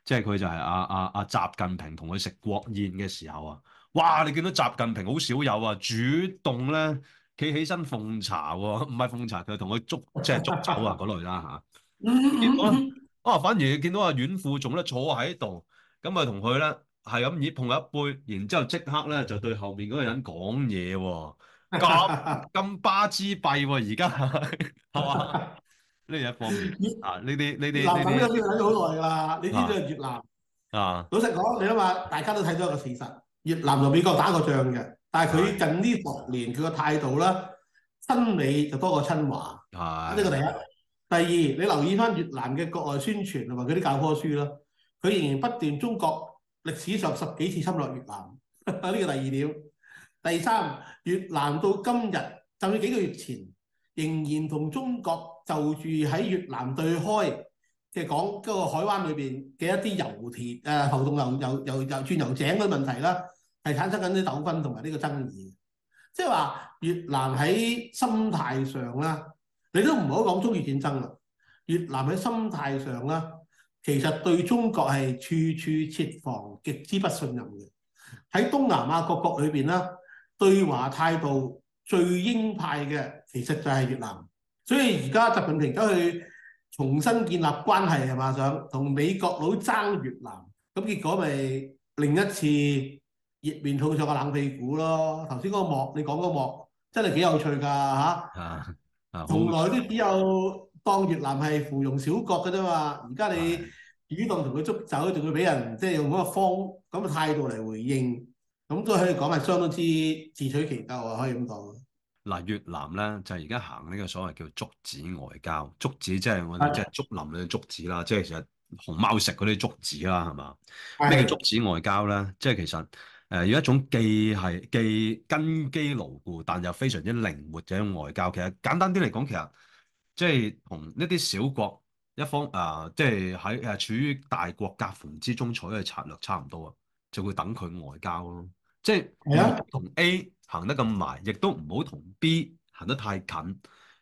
即係佢就係阿阿阿習近平同佢食國宴嘅時候啊，哇！你見到習近平好少有啊，主動咧企起身奉茶喎，唔係奉茶，佢同佢祝，即係祝酒啊嗰類啦嚇， 啊，反而見到阿阮富仲咧坐喺度，咁啊同佢咧係咁以碰一杯，然之後即刻咧就對後面嗰個人講嘢喎，咁、啊、咁巴之弊喎、啊，而家係嘛？呢一 方面越啊，你哋你哋越南已經睇好耐啦，啊、你知道越南啊，老實講，你諗下，大家都睇到一個事實，越南同美國打過仗嘅，但係佢近呢十年佢個態度咧親美就多過親華，呢個第一。啊啊第二，你留意翻越南嘅國內宣傳同埋佢啲教科書啦，佢仍然不斷中國歷史上十幾次侵略越南。呢 個第二點。第三，越南到今日，甚至幾個月前，仍然同中國就住喺越南對開嘅講嗰個海灣裏邊嘅一啲油田誒，喉、啊、洞油油油油，轉油井嘅啲問題啦，係產生緊啲糾紛同埋呢個爭議。即係話越南喺心態上啦。你都唔好講中越戰爭啦，越南喺心態上啦，其實對中國係處處設防，極之不信任嘅。喺東南亞各國裏邊啦，對華態度最鷹派嘅，其實就係越南。所以而家習近平走去重新建立關係係咪，想同美國佬爭越南，咁結果咪另一次熱面貼上個冷屁股咯。頭先嗰幕你講嗰幕真係幾有趣噶吓。從來都只有當越南係附庸小國嘅啫嘛，而家你主動同佢捉走，仲要俾人即係用嗰個方咁嘅態度嚟回應，咁都可以講係相當之自取其咎啊，可以咁講。嗱、啊，越南咧就係而家行呢個所謂叫竹子外交，竹子即係我哋即係竹林嘅竹子啦，的即係其實熊貓食嗰啲竹子啦，係嘛？咩的叫竹子外交咧？即係其實。誒有、呃、一種既係既根基牢固，但又非常之靈活嘅外交，其實簡單啲嚟講，其實即係同一啲小國一方啊，即係喺誒處於大國夾縫之中採嘅策略差唔多啊，就會等佢外交咯，即係唔好同 A 行得咁埋，亦都唔好同 B 行得太近，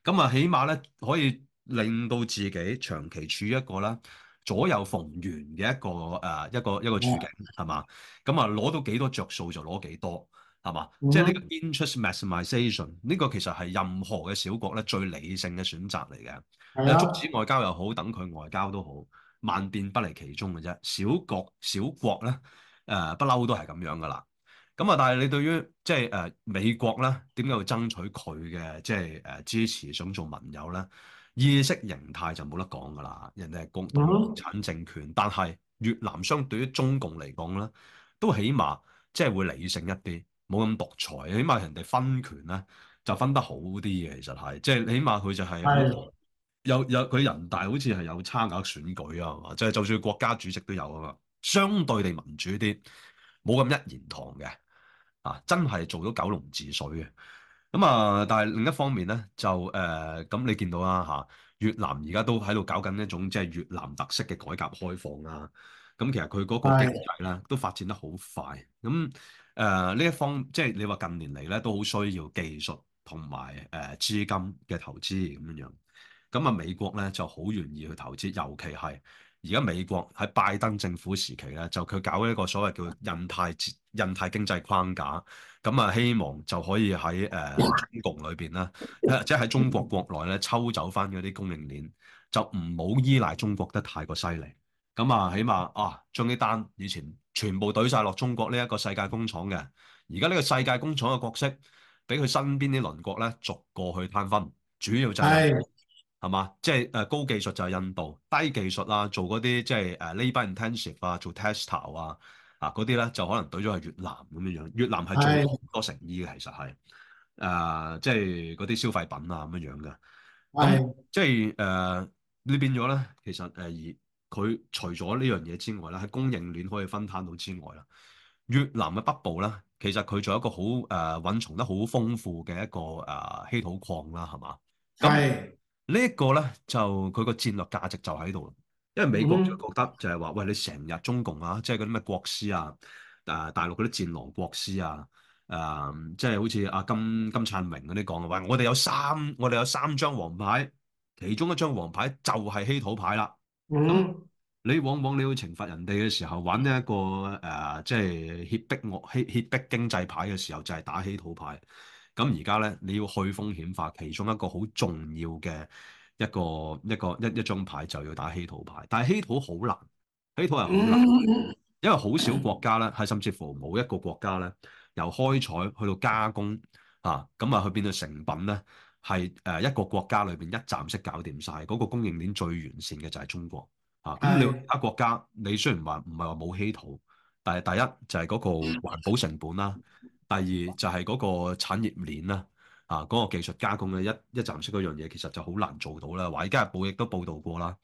咁啊起碼咧可以令到自己長期處於一個啦，左右逢源嘅一個誒、呃、一個一個處境係嘛？咁啊攞到幾多着數就攞幾多係嘛？即係呢個 interest maximization 呢個其實係任何嘅小國咧最理性嘅選擇嚟嘅。竹 Yeah. 子外交又好，等距外交都好，萬變不離其宗嘅啫。小國小國咧誒不嬲都係咁樣噶啦。咁啊，但係你對於即係誒、呃、美國咧，點解會爭取佢嘅即係誒、呃、支持，想做盟友咧？意識形態就冇得講㗎啦，人哋係共產政權，但係越南相對於中共嚟講咧，都起碼即係會理性一啲，冇咁獨裁，起碼人哋分權咧就分得好啲嘅，其實係即係起碼佢就係，係嘅，有有佢人大好似係有差額選舉啊，係嘛？即係就算國家主席都有啊嘛，相對地民主啲，冇咁一言堂嘅啊，真係做到九龍治水嘅。咁啊、嗯！但係另一方面咧，就誒咁、呃、你見到啦嚇、啊，越南而家都喺度搞緊一種即係越南特色嘅改革開放啊！咁其實佢嗰個經濟咧的都發展得好快。咁誒呢一方，即係你話近年嚟咧都好需要技術同埋誒資金嘅投資咁樣樣。咁、嗯、啊，美國咧就好願意去投資，尤其係而家美國喺拜登政府時期咧，就佢搞一個所謂叫印太印太經濟框架。咁啊、嗯，希望就可以喺誒局裏邊啦，即係喺中國國內咧抽走翻嗰啲供應鏈，就唔好依賴中國得太過犀利。咁、嗯、啊，起碼啊，將啲單以前全部懟晒落中國呢一個世界工廠嘅，而家呢個世界工廠嘅角色，俾佢身邊啲鄰國咧逐個去攤分，主要就係係嘛，即係誒高技術就係印度，低技術啊做嗰啲即係、就、誒、是、labor intensive 啊，做 textile 啊。嗱，嗰啲咧就可能對咗係越南咁樣樣，越南係做好多成衣嘅的、呃呃，其實係，誒、呃，即係嗰啲消費品啊咁樣樣嘅。咁即係誒，你變咗咧，其實誒，而佢除咗呢樣嘢之外咧，喺供應鏈可以分攤到之外啦，越南嘅北部咧，其實佢仲有一個好誒，藴、呃、藏得好豐富嘅一個誒、呃，稀土礦啦，係嘛？咁的呢一個咧，就佢個戰略價值就喺度。因為美國就覺得就係話，喂，你成日中共啊，即係嗰啲咩國師啊，誒、啊，大陸嗰啲戰狼國師啊，誒、啊，即係好似阿金金燦榮嗰啲講啊，喂，我哋有三，我哋有三張王牌，其中一張王牌就係稀土牌啦。嗯、你往往你要懲罰人哋嘅時候，玩呢、這、一個誒，即係脅逼我脅脅迫經濟牌嘅時候，就係打稀土牌。咁而家咧，你要去風險化，其中一個好重要嘅。一個一個一一張牌就要打稀土牌，但係稀土好難，稀土係好難，因為好少國家咧，係甚至乎冇一個國家咧由開採去到加工啊，咁啊去變到成品咧，係誒一個國家裏邊一站式搞掂晒嗰個供應鏈最完善嘅就係中國啊！咁你啊國家，你雖然話唔係話冇稀土，但係第一就係嗰個環保成本啦，第二就係嗰個產業鏈啦。啊！嗰個技術加工嘅一一站式嗰樣嘢，其實就好難做到啦。《華爾街日報》亦都報導過啦。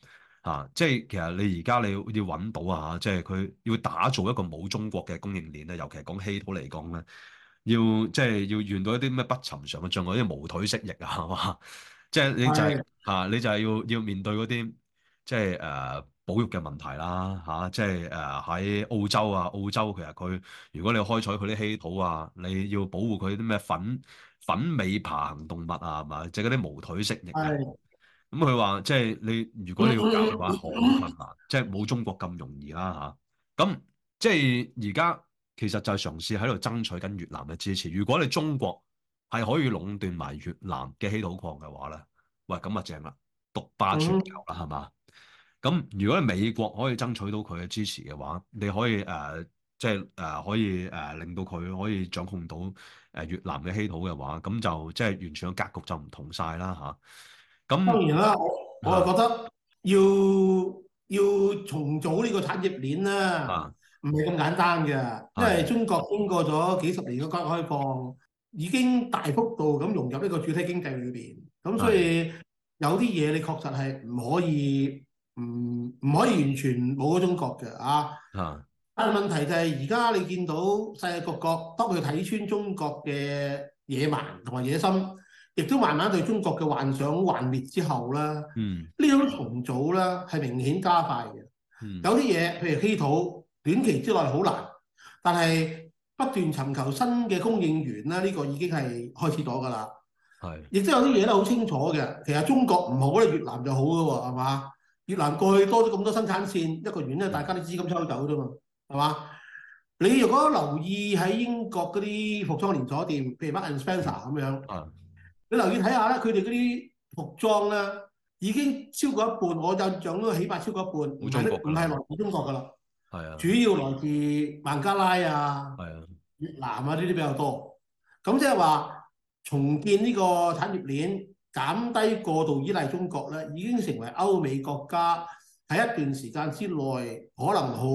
啊，即係其實你而家你要揾到啊，即係佢要打造一個冇中國嘅供應鏈咧，尤其係講稀土嚟講咧，要即係要遇到一啲咩不尋常嘅障礙，啲毛腿蜥蜴啊，係嘛？即係你就係、是、嚇的、啊，你就係要要面對嗰啲即係誒、呃、保育嘅問題啦。嚇、啊，即係誒喺澳洲啊，澳洲其實佢如果你開採佢啲稀土啊，你要保護佢啲咩粉。粉尾爬行動物啊，係嘛？即係嗰啲無腿蜥蜴啊。咁佢話，即、嗯、係、就是、你如果你要搞嘅話，好困難，即係冇中國咁容易啦、啊、嚇。咁即係而家其實就係嘗試喺度爭取緊越南嘅支持。如果你中國係可以壟斷埋越南嘅稀土礦嘅話咧，喂咁啊正啦，獨霸全球啦，係嘛？咁、嗯、如果係美國可以爭取到佢嘅支持嘅話，你可以誒，即係誒，可以誒、呃，令到佢可以掌控到。誒越南嘅稀土嘅話，咁就即係完全嘅格局就唔同晒啦嚇。咁當然啦，我我就覺得要是的 要重組呢個產業鏈啦，唔係咁簡單嘅，是的 因為中國經過咗幾十年嘅改革開放，已經大幅度咁融入呢個主體經濟裏邊，咁所以有啲嘢你確實係唔可以唔唔可以完全冇咗中國嘅啊。但係問題就係而家你見到世界各國當佢睇穿中國嘅野蠻同埋野心，亦都慢慢對中國嘅幻想幻滅之後啦。嗯，呢種重組啦係明顯加快嘅。嗯，有啲嘢譬如稀土，短期之內好難，但係不斷尋求新嘅供應源啦，呢個已經係開始咗噶啦。係，亦都有啲嘢都好清楚嘅。其實中國唔好咧，越南就好噶喎，係嘛？越南過去多咗咁多生產線，一個原因係大家啲資金抽走啫嘛。係嘛？你如果留意喺英國嗰啲服裝連鎖店，譬如乜 Marks and Spencer 咁樣，嗯、你留意睇下咧，佢哋嗰啲服裝咧已經超過一半，我印象都起碼超過一半，唔係唔係來自中國噶啦，主要來自孟加拉啊、的越南啊呢啲比較多。咁即係話重建呢個產業鏈，減低過度依賴中國咧，已經成為歐美國家喺一段時間之內可能好。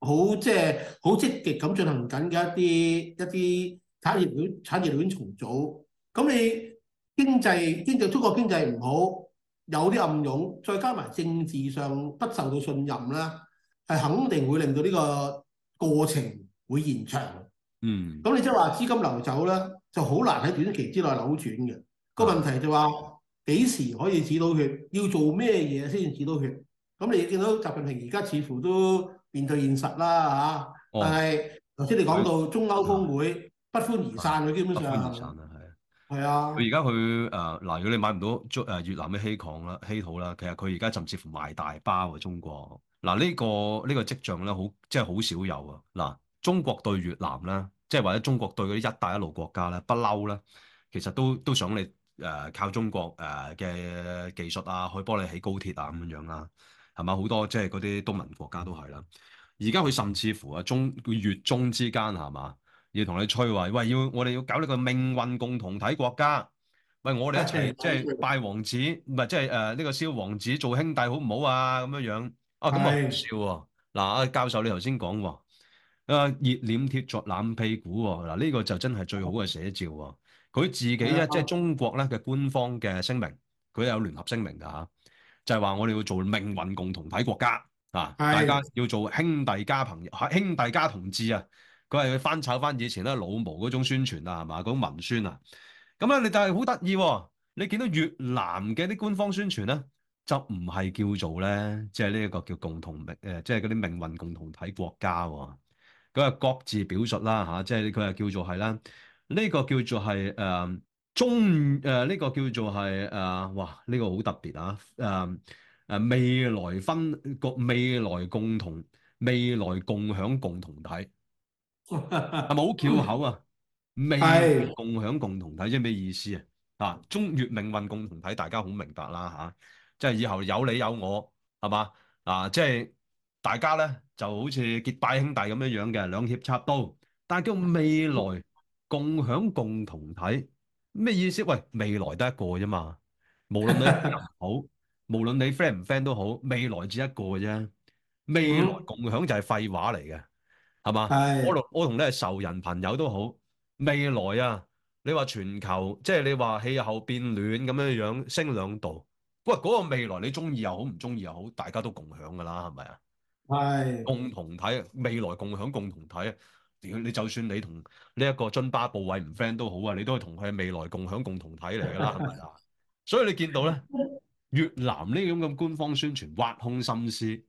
好，即係好積極咁進行緊嘅一啲一啲產業鏈產業鏈重組。咁你經濟經濟中國經濟唔好，有啲暗湧，再加埋政治上不受到信任啦，係肯定會令到呢個過程會延長。嗯。咁你即係話資金流走咧，就好難喺短期之內扭轉嘅、個問題就話幾、嗯、時可以止到血？要做咩嘢先止到血？咁你見到習近平而家似乎都～面對現實啦嚇，但係頭先你講到中歐峯會、哦、不歡而散啦，基本上的不歡而散啦，係啊，係啊的。佢而家佢誒嗱，如果你買唔到中誒越南嘅稀礦啦，稀土啦，其實佢而家甚至乎賣大包啊，中國嗱呢、呃這個呢、這個跡象咧，好即係好少有啊嗱、呃。中國對越南啦，即係或者中國對嗰啲一帶一路國家咧，不嬲啦，其實都都想你誒、呃、靠中國誒嘅技術啊，去幫你起高鐵啊咁樣啦。係嘛？好多即係嗰啲東盟國家都係啦。而家佢甚至乎啊中越中之間係嘛，要同你吹話，喂，要我哋要搞呢個命運共同體國家，喂，我哋一齊即係拜王子，唔係即係誒呢個燒王子做兄弟好唔好啊？咁樣啊樣好啊咁是的 啊笑喎！嗱，阿教授你頭先講話啊熱臉貼著冷屁股喎、啊，嗱、啊、呢、這個就真係最好嘅寫照喎、啊。佢自己咧的即係中國咧嘅官方嘅聲明，佢有聯合聲明㗎嚇。就係話我哋要做命運共同體國家啊！的大家要做兄弟加朋友、兄弟加同志啊！佢係去翻炒翻以前咧老毛嗰種宣傳啦、啊，係嘛嗰種文宣啊！咁咧你但係好得意，你見到越南嘅啲官方宣傳咧，就唔係叫做咧，即係呢一個叫共同、呃、即命即係啲命運共同體國家喎、啊。佢係各自表述啦、啊、嚇、啊，即係佢係叫做係啦，呢、這個叫做係誒。呃中誒呢、呃這個叫做係誒、呃、哇呢、這個好特別啊誒誒、呃呃、未來分共未來共同未來共享共同體係咪好翹口啊？未共享共同體即係咩意思啊？啊中越命運共同體大家好明白啦嚇，即係以後有你有我係嘛啊！即係大家咧就好似結拜兄弟咁樣樣嘅兩脅插刀，但係叫未來共享共同體。 是咩意思？喂，未來得一個啫嘛，無論你好， 無論你 friend 唔 friend 都好，未來只一個嘅啫。未來共享就係廢話嚟嘅，係嘛是？我同我同你係仇人朋友都好，未來啊，你話全球即係你話氣候變暖咁樣樣升兩度，喂，嗰、嗰個未來你中意又好唔中意又好，大家都共享㗎啦，係咪啊？係是共同體，未來共享共同體啊！你就算你同呢一個津巴布韋唔 friend 都好啊，你都係同佢係未來共享共同體嚟噶啦，係咪 啊？所以你見到咧，越南呢種咁官方宣傳挖空心思，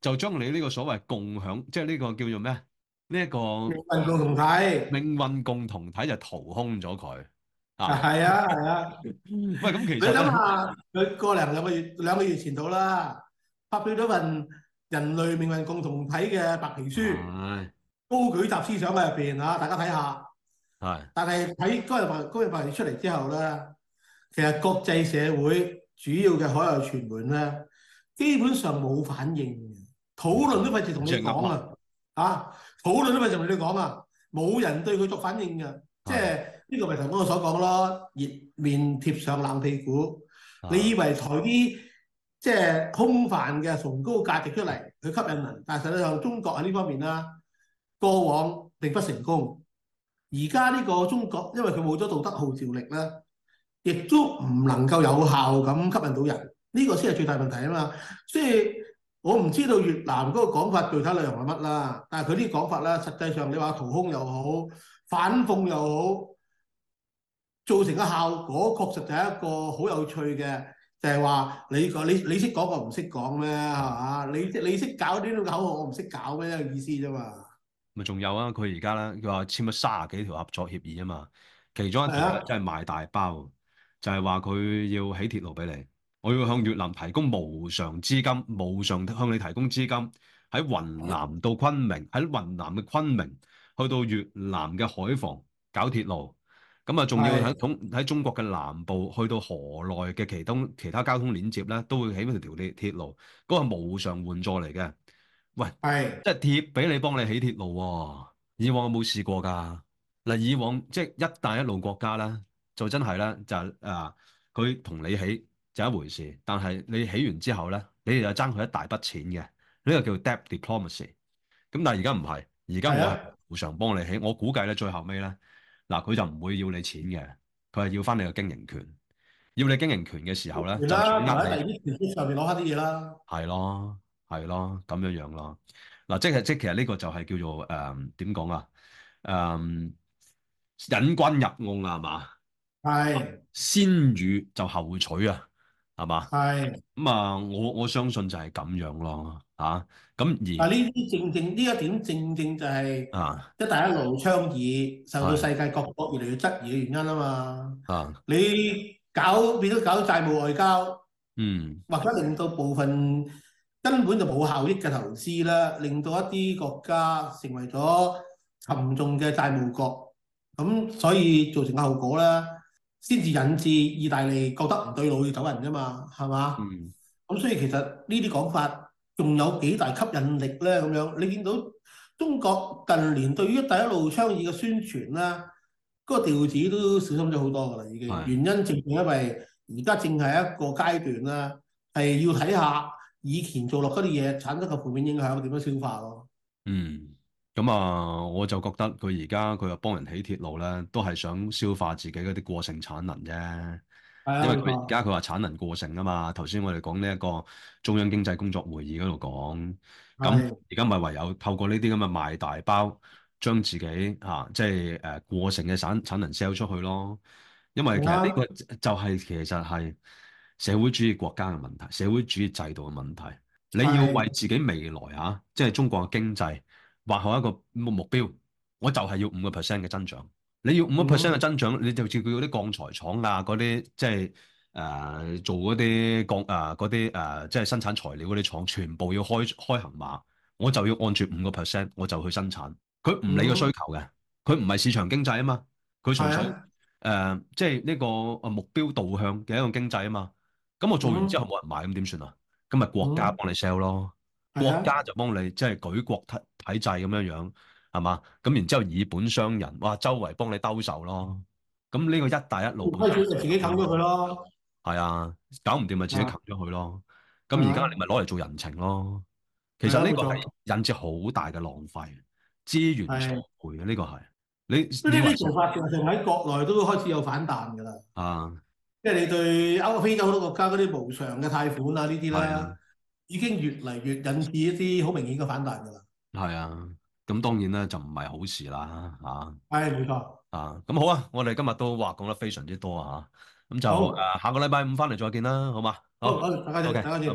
就將你呢個所謂共享，即係呢個叫做咩？呢、這、一個共同體，命運共同體就掏空咗佢、uh, 啊！係啊係啊， 喂咁其實你諗下，佢個零兩個月兩個月前度啦，發表咗份《人類命運共同體》嘅白皮書。 高舉集思想喺入邊吓，大家睇下，係的，但係喺今日發今日發出嚟之後咧，其實國際社會主要嘅海外傳媒咧，基本上冇反應，討論都費事同你講、嗯、啊，啊，討論都費事同你講啊，冇人對佢作反應嘅，的即係呢、這個咪頭先我所講咯，熱面貼上冷屁股，的你以為抬啲即係空泛嘅崇高價值出嚟去吸引人，但係實際上中國喺呢方面啦。過往並不成功，而家呢個中國因為佢冇咗道德號召力咧，亦都唔能夠有效咁吸引到人，呢、這個先係最大問題啊嘛。所以我唔知道越南嗰個講法具體內容係乜啦，但係佢啲講法咧，實際上你話掏空又好，反諷又好，造成嘅效果確實就係一個好有趣嘅，就係、是、話你話你你識講我唔識講咩係嘛？你你識搞啲咁嘅口號，我唔識搞咩意思啫嘛？咪仲有啊！佢而家咧，佢話簽咗卅幾條合作協議啊嘛，其中一條咧真係賣大包，的就係話佢要起鐵路俾你，我要向越南提供無償資金，無償向你提供資金，喺雲南到昆明，喺雲南嘅昆明去到越南嘅海防搞鐵路，咁啊，仲要喺中喺中國嘅南部去到河內嘅其他其他交通鏈接咧，都會起一條條鐵鐵路，嗰個係無償援助嚟嘅。喂，係的，即係貼俾你，幫你起鐵路，哦。以往我冇試過噶。嗱，以往即係、就是、一帶一路國家咧，就真係咧、就是，就、啊、誒，佢同你起就一回事。但係你起完之後咧，你哋就爭佢一大筆錢嘅，呢、這個叫 debt diplomacy。咁但係而家唔係，而家我係無償幫你起。我估計咧最後尾咧，嗱佢就唔會要你錢嘅，佢係要翻你個經營權。要你經營權嘅時候咧，就掌握你。攞黑啲嘢啦。係咯。係咯，咁樣樣咯。嗱，即係即係，其實呢個就係叫做誒，點講啊？誒，引、呃、君入瓮啊，係嘛？係的先予就後取啊，係嘛？係咁啊，我我相信就係咁樣咯。啊，咁而啊，呢啲正正呢一點正正就係啊，一帶一路倡議受到世界各國越嚟越質疑嘅原因啊嘛。啊，你搞變咗搞債務外交，嗯，或者令到部分。根本就冇效益嘅投資啦，令到一啲國家成為咗沉重嘅債務國，咁所以造成嘅後果咧，先至引致意大利覺得唔對路要走人啫嘛，係嘛？咁、嗯、所以其實呢啲講法仲有幾大吸引力咧。咁樣你見到中國近年對於一帶一路倡議嘅宣傳啦，嗰、那個調子都小心咗好多噶啦已經。原因正正因為而家正係一個階段啦，係要睇下。以前做落嗰啲嘢，產生嘅負面影響點樣消化咯？嗯，咁啊，我就覺得佢而家佢又幫人起鐵路咧，都係想消化自己嗰啲過剩產能啫。的因為佢而家佢話產能過剩啊嘛。頭先我哋講呢一個中央經濟工作會議嗰度講，咁而家咪唯有透過呢啲咁嘅賣大包，將自己啊即係誒過剩嘅產產能 sell 出去咯。因為其實呢個就係、是的就是、其實係。社會主義國家嘅問題，社會主義制度嘅問題，的你要為自己未來啊，即係中國嘅經濟畫好一個目目標，我就係要五個 percent 嘅增長。你要五個 percent 嘅增長，嗯、你就叫佢嗰啲鋼材廠啊，嗰啲、呃呃呃、即係誒做嗰啲鋼啊，嗰啲誒即係生產材料嗰啲廠，全部要開開行碼，我就要按住五個 percent，我就去生產。佢唔理個需求嘅，佢唔係市場經濟啊嘛，佢純粹誒即係呢個誒目標導向嘅一個經濟啊嘛。咁我、嗯、做完之後冇人買，咁點算啊？咁咪國家幫你 sell 咯，嗯、國家就幫你即係舉國體體制咁樣樣，係嘛的？咁然之後以本商人，哇，周圍幫你兜售咯。咁、嗯、呢、這個一帶一路，虧咗的就自己冚咗佢咯。係啊的，搞唔掂咪自己冚咗佢咯。咁而家你咪攞嚟做人情咯。的其實呢個係引致好大嘅浪費、資的源錯配啊！呢個係你。呢啲做法其實喺國內都開始有反彈噶啦。啊。即係你對歐洲、非洲好多國家嗰啲無償嘅貸款啊，呢啲啦，啊、已經越嚟越引致一啲好明顯嘅反彈㗎啦。係啊，咁當然啦，就唔係好事啦，嚇。係，冇錯。啊，咁、啊、好啊，我哋今日都話講得非常之多啊，咁就誒好、啊、下個禮拜五翻嚟再見啦，好嘛？好，大家再見，okay，大家拜拜。拜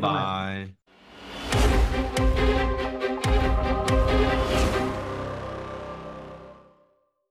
拜。